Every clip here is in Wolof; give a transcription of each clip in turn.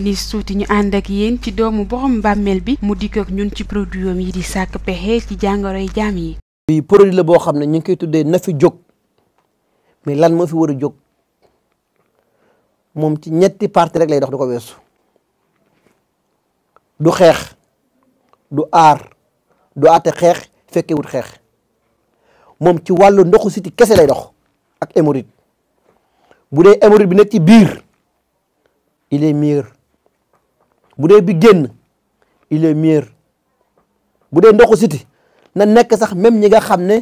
Liss Tuuti ñu ànd ak yéen ci doomu borom mbàmmeel bi mu dikk ak ñun ci produit yoon yi di sàkk pexe ci jàngoroy jaam yi. bi produit la boo xam ne ñu koy tuddee na fi jóg mais lan moo fi war a jóg moom ci ñetti parti rek lay dox du ko weesu du xeex du aar du àtte xeex fekkee wut xeex moom ci wàllu ndoxu siti kese lay dox ak hémorroïde bu dee hémorroïde bi nekk ci biir il est meilleur bu dee bi génn il est bu dee ndoxu siti na nekk sax même ñi nga xam ne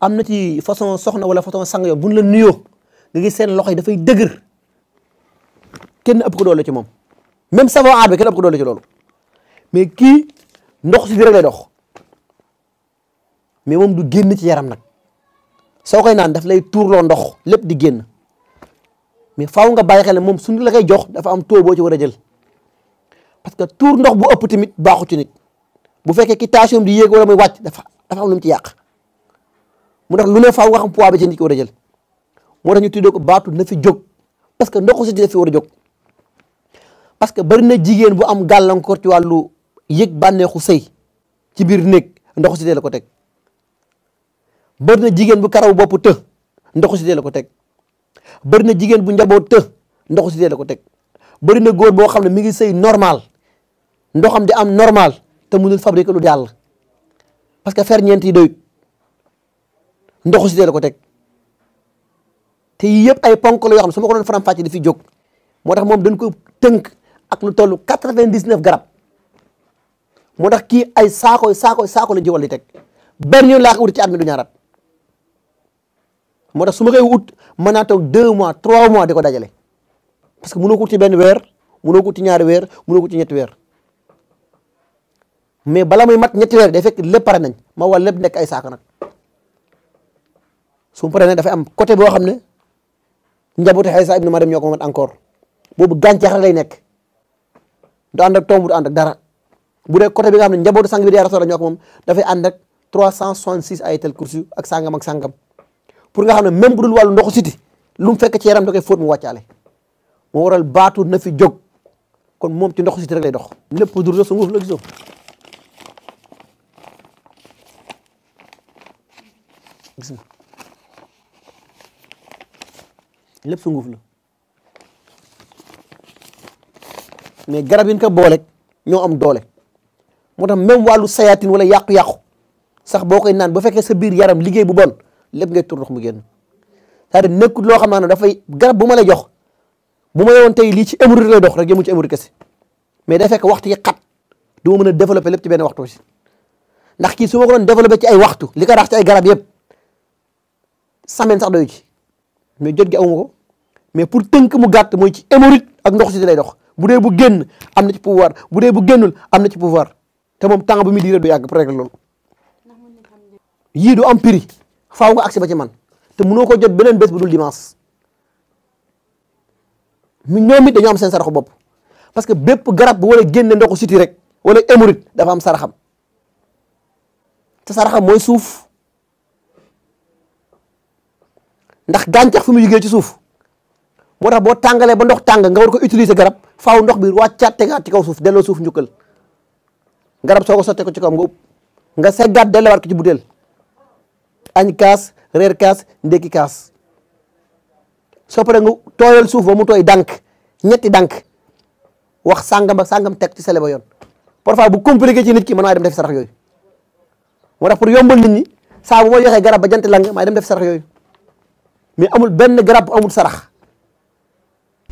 am na ci façon soxna wala façon sang yo buñ la nuyo nga gis seen loxo yi dafay dëgër kenn ëpp ko doole ci moom même savon aar bi kenn ëpp ko doole ci loolu mais kii ndox siti rek lay dox mais moom du génn ci yaram nag soo koy naan daf lay tuurloo ndox lépp di génn mais faaw nga bàyyi xel ne moom suñu la koy jox dafa am taux boo ci war a jël parce que tuur ndox bu ëpp tamit baaxu ci nit bu fekkee ki tension di yéeg wala muy wàcc dafa dafa am lu ci yàq mu tax lu ne faaw nga xam poids bi ci nit ki war a jël moo tax ñu tuddee ko baatu na fi jóg parce que ndoxu si daf fi war a jóg parce que bari na jigéen bu am gàllankoor ci wàllu yëg bànneexu sëy ci biir néeg ndoxu si dee la ko teg bari na jigéen bu karaw bopp të ndoxu si dee la ko teg bari na jigéen bu njaboot te ndoxu si dee la ko teg bari na góor boo xam ne mi ngi sëy normal ndoxam di am normal te mënul fabriquer lu yàlla parce que ñent yi doy ndoxu ci la ko tek te yii yëpp ay ponk lu xam sama ko doon faram-fàccee di fi jog motax mom dañ ko teunk ak lu tollu 99 vingt dix neuf garab moo tax ay saako saako saako la jiwol di tek ben yoon laa ko ut ci at mi du ñaaraat moo tax su ma koy ut mën mois 3 mois diko dajalé parce que mënoko ci ben wèr mënoko ci ñaar wèr mënoko ci ñet wèr mais bala muy mat ñetti weer day fekk lépp pare nañ ma wal lépp nekk ay saako nag su mu paree nag dafay am côté boo xam ne njabootu Aysa ibnu Maryam ñoo ko mat encore boobu gàncax rek lay nekk du ànd ak tomb dara bu dee côté bi nga xam ne njabootu sang bi di Rasul la ñoo ko moom dafay ànd ak 366 ayatal kursi ak sangam ak sangam pour nga xam ne même bu dul wàllu ndoxu siti lu mu fekk ci yaram da koy fóot mu wàccaale moo waral baatu na fi jóg kon moom ci ndoxu siti rek lay dox lépp dur la sunguf la gisoo gis nga lépp sunguf la mais garab yi ñu boole booleeg ñoo am doole moo ta même wàllu sayaatin wala yàqu-yàqu sax boo koy naan ba fekkee sa biir yaram liggéey bu bon lépp ngay tur ndox mu génn c'est-à-dire loo xam ne dafay garab bu ma la jox bu ma yowoon tey lii ci hémorroïde lay dox rek mu ci hémorroïde kese mais day fekk waxtu yi xat du ma mën a développer lépp ci benn waxtu aussi ndax kii su ma ko ci ay waxtu li ko rax ci ay garab yëpp semaine sax doyu ci mais jot gi awuma ko mais pour tënk mu gàtt mooy ci hémorroïde ak ndox si di lay dox bu dee bu génn am na ci pouvoir bu dee bu génnul am na ci pouvoir te moom temps bu muy diire a yàgg pour régler loolu yii du am prix faaw nga ba ci man te mënoo ko jot beneen bés bu dul dimanche ñoom it dañoo am seen saraxu bopp parce que bépp garab bu war a génne ndoxu siti rek wala hémorroïde dafa am saraxam te saraxam mooy suuf ndax gantax fu mu jugee ci suuf moo bo tangale ba ndox tang nga war ko utiliser garab faaw ndox bi waccate ga ci kaw suuf delo suuf njukkal garab soko ko ko ci kaw nga upp nga delo war ko ci budel agn kaas rer kaas ndeki kaas so pare nga toyal suuf ba mu toy dank ñetti dank wax sangam ak sangam tek ci sele ba yon parfois bu compliqué ci nit ki man ay dem def sarax yoy moo tax pour yombal nit ñi sa bu ma joxe garab ba jant lang ma dem def sarax yoy mi amul benn garab amul sarax.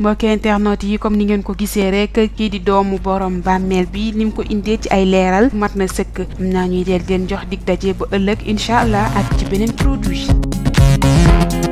mbokki internet yi comme ni ngeen ko gisee rek kii di doomu borom bàmmeel bi ni mu ko indee ci ay leeral mat na sëkk am naa ñuy del leen jox dig daje ba ëllëg incha allah ak ci beneen produit.